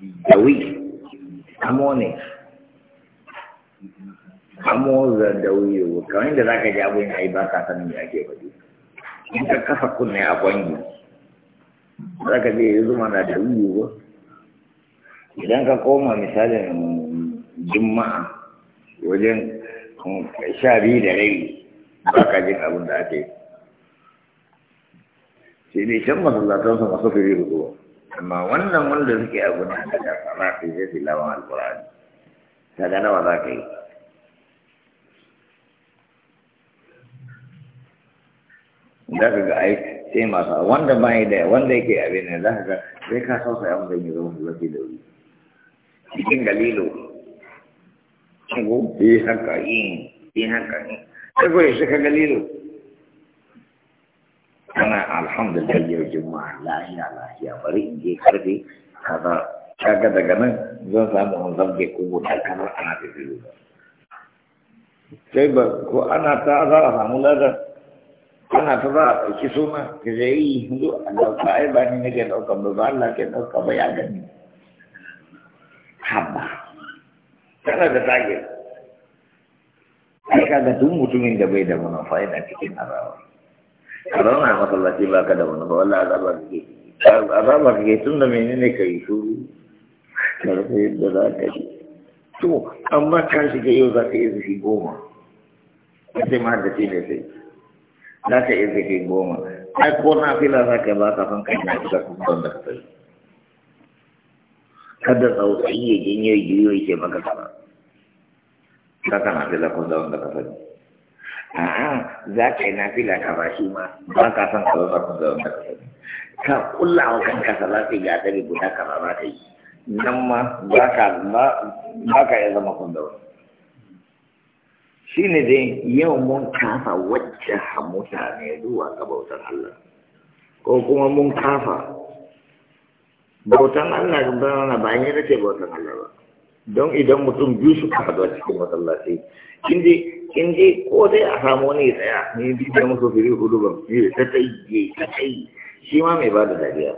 dawi amone ne amo da dawi kamar da zaka ji abin ai ba ka sanin ya ke faɗi in ka kafa kunne a kwangi? gwangi ka je yanzu mana da dawi yau? idan ka koma misalin juma'a wajen sha biyu da rai ba ka jin abin da ake sai dai can masallatansa masu firi ruwa amma wannan wanda suke a guda daga farafi zai fi lawan alkurani daga nawa za ka yi za ka ga ai sai masu wanda ba yi da wanda yake abin ne za ka ga sai ka sausa ya wanda yi zama zafi da wuri cikin galilo ko yi haka yi yi haka yi sai kawai shi ka galilo kana alhamdulillah yau juma'a lahiya lahiya bari in je karfe kaza kaga daga nan zan samu wanzan bai kubu da kamar ana tafiyo ba sai ba ko ana ta za a samu ladar ana ta za a ɗauki suna ka je yi hindu a ɗauka ai ba ni ke ɗauka ba ba Allah ke ɗauka ba ya gani haba Kana da tage ai kaga duk mutumin da bai da manufa yana cikin arawa a zauna masallaci ba ka da wani ba wallah azaba kake azaba kake tun da menene yi shuru ka za ka yi to amma ka shiga yau za ka iya zafi goma sai ma da sai za ka iya zafi goma ai ko na fila za ka ba ka san kai na shiga kuma ka kada tsautsayi ya janyo yiwuwa ke maka kana ka kana fila da wanda ka sani a'a za ka yi nafila ka ba shi ma ba ka san ka zama ka zama ka kasar ka kulla wa ka salati ga dare guda ka ba ba ka yi nan ma ba ka ba ka yi zama kun zama shi ne dai yau mun kafa wacce mutane zuwa ga bautar Allah ko kuma mun kafa bautan Allah ba bayan yi da ke bautan Allah ba don idan mutum biyu suka haɗu zuwa cikin masallaci in dai ko dai a samu wani tsaya ne bi da musu firi hudu ba fiye ta tsaye ta tsaye shi ma mai ba da dariya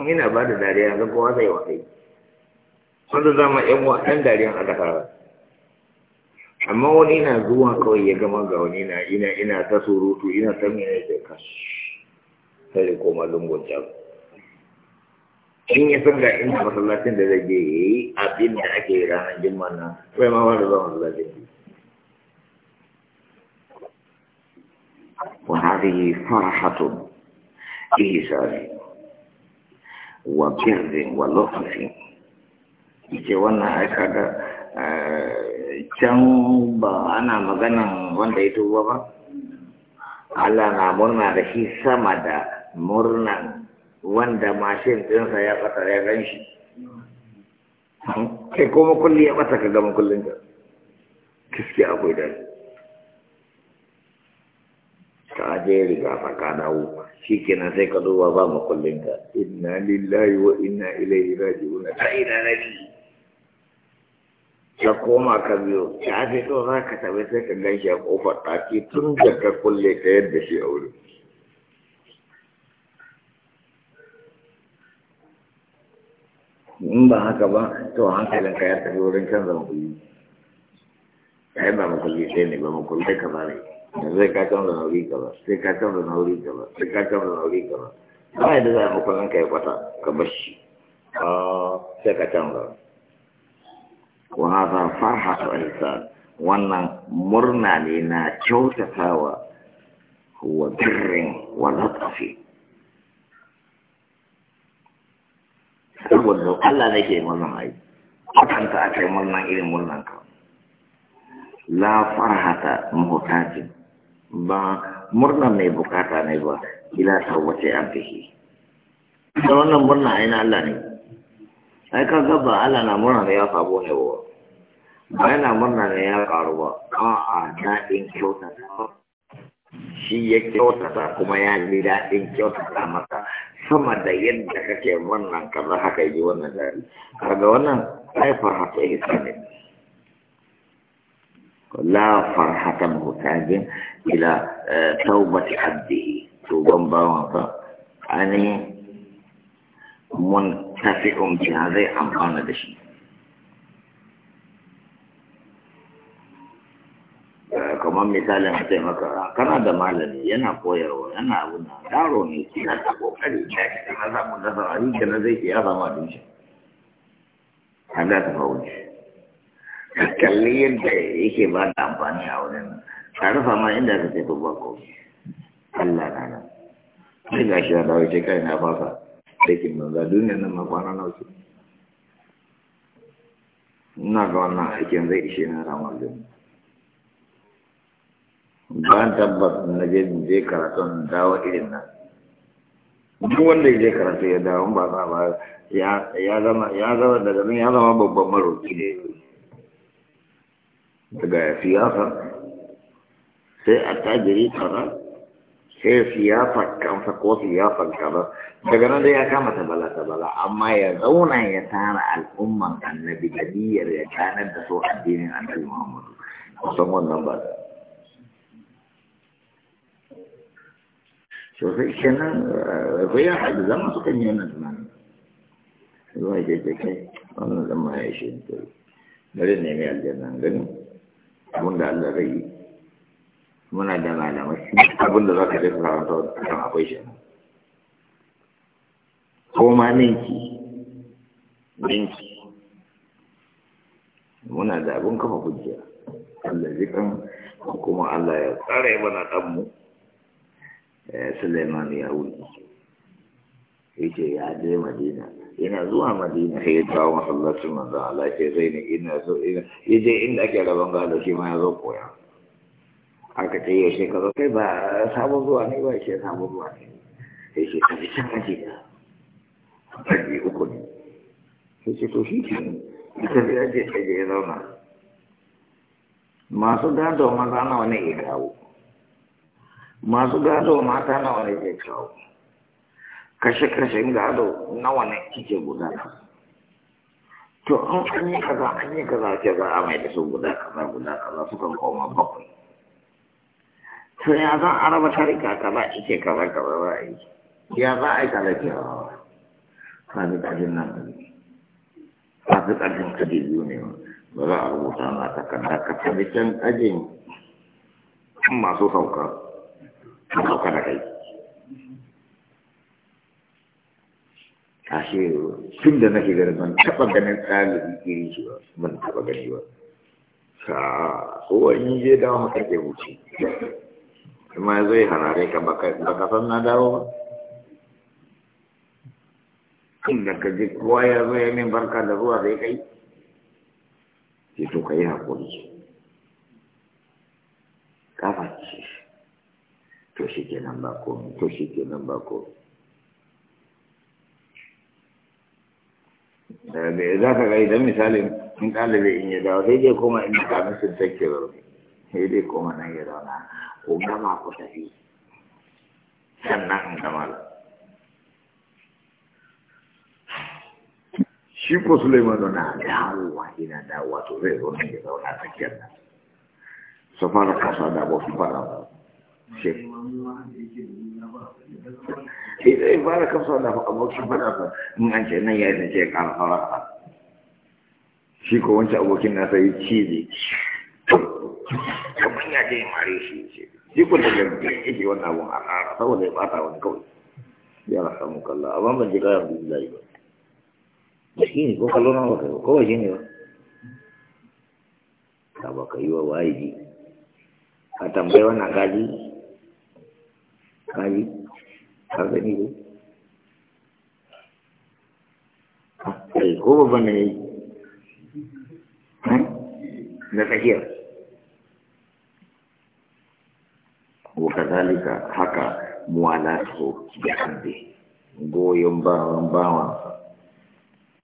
in ina ba da dariya ga kowa zai wasai wanda zama yan wa dan dariya a dakara amma wani ina zuwa kawai ya gama ga wani ina ina ta surutu ina san mene da kashi sai da koma lungun can in ya san ga inda masallacin da zai je yi abin da ake ranar jimma na bai ma wani zuwa masallacin وهذه فرحة إيجاب وبر ولطف ke wannan aika da eh, can ba ana maganan wanda ya tuba ba Allah na murna da shi sama da murnan wanda mashin ɗinsa ya ɓata ya gan shi kai kuma kulli ya ɓata ka gama kullum ka kiske akwai dai ka je riga ka dawo shi kenan sai ka duba ba makullin ka inna lillahi wa inna ilaihi raji'un ta ina nabi ka koma ka biyo Ya fi to za ka tabi sai ka gan shi a kofar ɗaki tun da ka kulle ka yadda shi a wurin in ba haka ba to hankalin ka ya tafi wurin canza yi. ka yi ba makulli sai ne ba makulli ka ba ne zai ka canza nauri ka ba sai ka canza nauri ka ba sai ka canza nauri ka ba ba yadda za a makullin ka ya kwata ka bashi. shi ah, sai ka canza wa hada farhatu ihsan wannan murna ne na kyautatawa wa birrin wa latafi saboda Allah ne ke wannan ayi kanka a kai wannan irin wannan ka la farhata muhtaji ba murna mai bukata ne ba ila tawwace an fihi da wannan murna ai na Allah ne ai ka ga ba Allah na murna ne ya sabo ne ba ba yana murna ne ya karu ba a'a daɗin kyautata shi ya kyautata kuma ya ji daɗin kyautata maka kuma da yadda kake wannan kaza haka yi wannan dari kaga wannan ai farhatu ihsanin la farhatan mutajin ila taubati abdihi tuban bawansa ani mun tafi bi zai amfana da shi kamar misalin a taimaka kana da malami yana koyarwa yana abuna yaro ne kina ta kokari ya kika na samu nasara shi kenan zai iya samu abinci an za ta fauci kalli yadda yake ba da amfani a wurin ka rufa ma inda ka tafi ba ko Allah na nan sai ga shi ya dawo ce kai na fasa da kin banza duniya nan ma kwana nawa ce ina ga wannan aikin zai ishe na ramar duniya ba tabbas na je je karatun dawo irin nan duk wanda ya je karatu ya dawo ba ba ba ya zama ya zama daga nan ya zama babban maroki ne daga siyasa sai a tajiri kaza sai siyasa kansa ko siyasa kaza daga nan dai ya kama tabala tabala amma ya zauna ya tara al'umman annabi da niyyar ya tanar da su addinin annabi muhammadu kusan wannan ba sosai kenan bayan eh, haɗu zama sukan yi wannan tunanin zuwa ke ke kai wannan zama ya ishe ta bari ne mai aljanna gani abin da Allah zai yi muna da malamai abin da za ka dafa karanta kan akwai shi ko ma ninki ninki muna da abin kafa hujja Allah zikan kuma Allah ya tsara yi mana ɗanmu Eh, Suleiman ya wuni yace ya je Madina yana zuwa Madina sai ya dawo masallacin manzo Allah ce zai ne ina so ina yaje inda ake rabon gado shi ma ya zo koya aka ce yaushe ka zo kai ba sabon zuwa ne ba shi sabon zuwa ne sai shi ka bisa aji aji uku ne sai ce to shi ke ita sai aje aje ya zauna masu gado maza nawa ne ya kawo masu gado mata nawa ne ke kawo kashe-kashen gado nawa ne kike gudana to an an yi kaza an yi kaza ke za a mai da su guda kaza guda kaza suka koma bakwai to ya za a raba tarika kaza ike kaza kaza za a yi ya za a yi kaza ke rawa kaji kajin nan kaji kajin kaji biyu ne ba za a rubuta na takarda ka tabi can ajin masu sauka haka kana kai ashe tun da nake ganin man taɓa ganin ɗalibi irin shi ba ban taɓa gani ba ka kowanne je dawo haka ke wuce kuma zai harare ka baka san na dawo ba inda ka je kowa ya zo ya min barka da zuwa zai kai sai to ka yi haƙuri kafa to shi kenan ba komi to shi kenan ba komi da eh, za ka ga idan misalin in ɗalibi in ya dawo sai dai koma in ka musu takirar sai dai koma nan ya zauna ko gama ku tafi sannan in gama shi ko Suleiman na dawowa ina dawowa to zai zo nan ya zauna tsakiyar nan su fara kasa da ba su fara ba shi shi zai fara kamsa da abokin fada ba in an ce nan ya yi zance ya kara shi ko wancan abokin nasa yi cizi kamar ya ce mare shi ce shi ko da gari yake wannan abun a kara saboda ya bata wani kawai ya rasa mu kalla amma ban ji kayan gudu zai ba ba shi ne ko kallo na wata kawai shi ne ba ta ba ka yi wa waye ji a tambayi wannan gaji kayi ka gani ko kai ko babban ne na tsakiyar وكذلك حكى موالاته بعبده goyon bawan bawan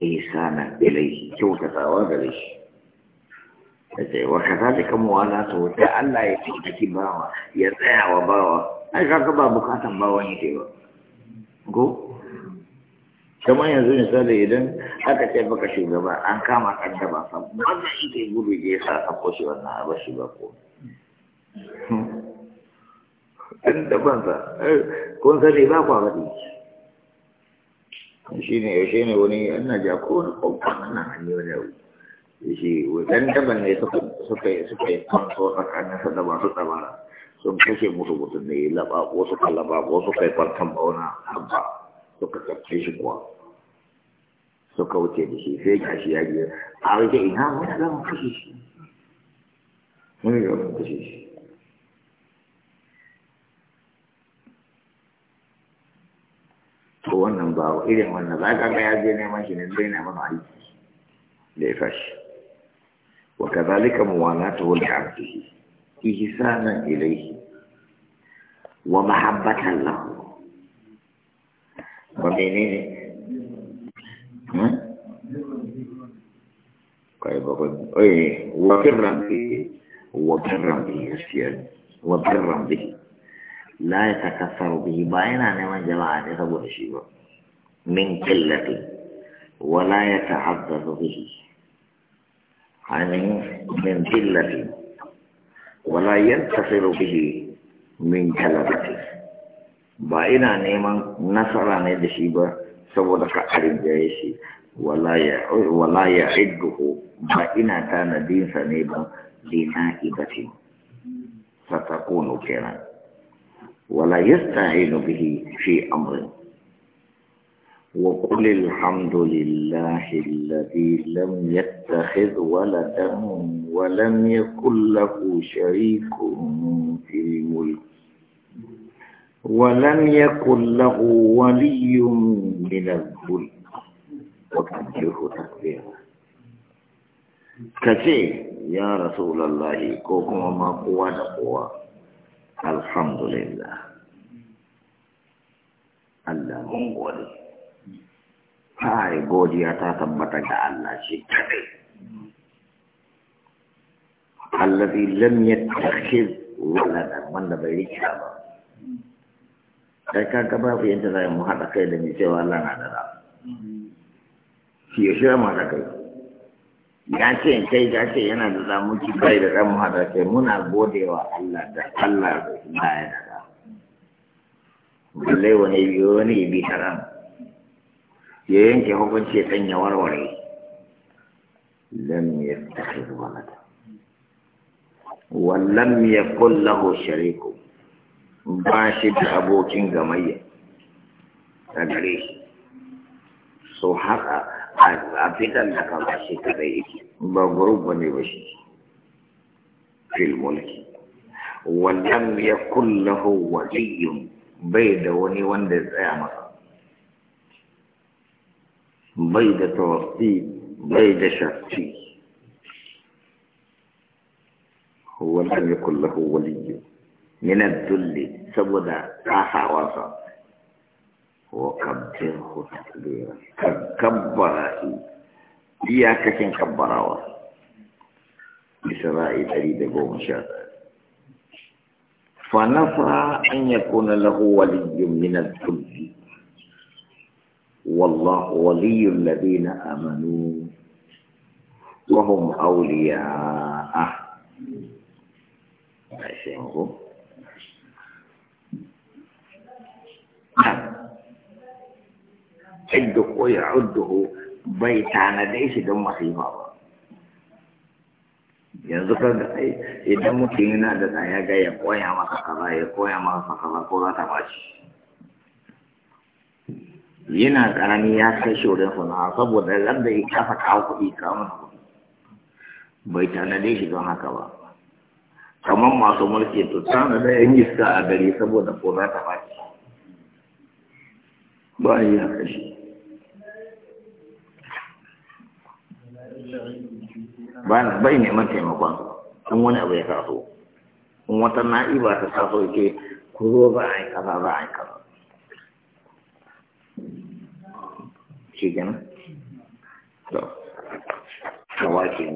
ihsana ilaihi kyautatawa gare shi da ce wa kazalika muwalatu ta Allah ya tsaki bawa ya tsaya wa bawa ai kaga ba bukatan ba wani ke ba go kamar yanzu ne misali idan aka ce baka shugaba an kama kan da ba sa wannan ita gudu je sa ka koshi wannan a bashi ba ko an da ban sa kun sani ba kwa gadi shi ne yaushe ne wani ina ja ko wani kwamfan na an yi wani abu shi wajen daban ne suka yi suka yi kwanto tsakanin sa da masu tsabara sun kashe musu mutum ne ya laɓa ko suka laɓa ko suka yi farkan bauna habba suka kafce shi kuwa suka wuce da shi sai ga shi ya biya a wajen ina wani alamun kashe shi wani alamun kashe shi to wannan ba irin wannan za ka ga ya je neman shi ne zai na mana aiki da ya fashi wa kazalika muwanatuhu li abdihi إحسانا إليه ومحبة له ومنين كيف أقول إيه؟, طيب، إيه وبرا به وبرا به السير وبرا به لا يتكثر به باين أنا من جماعة يسبون الشيء من قلة ولا يتعذر به عن من قلة wala yantasiru bihi min galabati ba ina neman nasara ne da shi ba saboda ka arjaye shi wala ya idduhu ba ina tanadinsa ne ba lina ibati satakunu kenan wala yasta'inu bihi fi amrin وقل الحمد لله الذي لم يتخذ ولدا ولم يكن له شريك في الملك ولم يكن له ولي من الملك وكبره تكبيرا كثير يا رسول الله كوكما ما قوى نقوى الحمد لله الله من قوله kai godiya ta tabbata ga Allah shi kadai allazi lam yattakhiz walada wanda bai rika ba kai ka ga babu yadda za mu hada kai da mai cewa Allah na da ra shi ya shirya mu haɗa kai ya ce kai ya ce yana da zamu ci bai da za mu haɗa kai muna godewa Allah da Allah da ya da ra balle wani wani bi haram ya yanke hukunci ya ya warware lam yattakhidh mata Wannan ya kulla ho shariku ba shi da abokin gamayya ta gare shi so haka a fitar da kama shi kadai yake ba ba ne ba shi fil mulki wa ya kulla lahu wajiyun bai da wani wanda ya tsaya masa بيد توقفي بيد شرطي هو لم يكن له ولي من الذل سبدا راح وصى وكبره تكبيرا كبر اياك كن كبر وصى لسرائيل اريد قوم فنفى ان يكون له ولي من الذل والله ولي الذين امنوا وهم اولياء عندك ويعده بيتانا ليس دم خيفا ينظر إذا ممكن أن أدتا يا جاي قوية ما تقرأي قوية ما تقرأي قوية ما تقرأي yana ƙarami ya kai wurin sana'a saboda ran ya kafa kawo kuɗi kawo mana kuɗi bai tanade shi don haka ba kamar masu mulki to tanada yan iska a gari saboda ko za ta faci ba yi haka shi bai neman taimakon in wani abu ya kaso. in wata na'iba ta kaso ke ku zo za a yi kaza za a yi kaza shi gina to kawai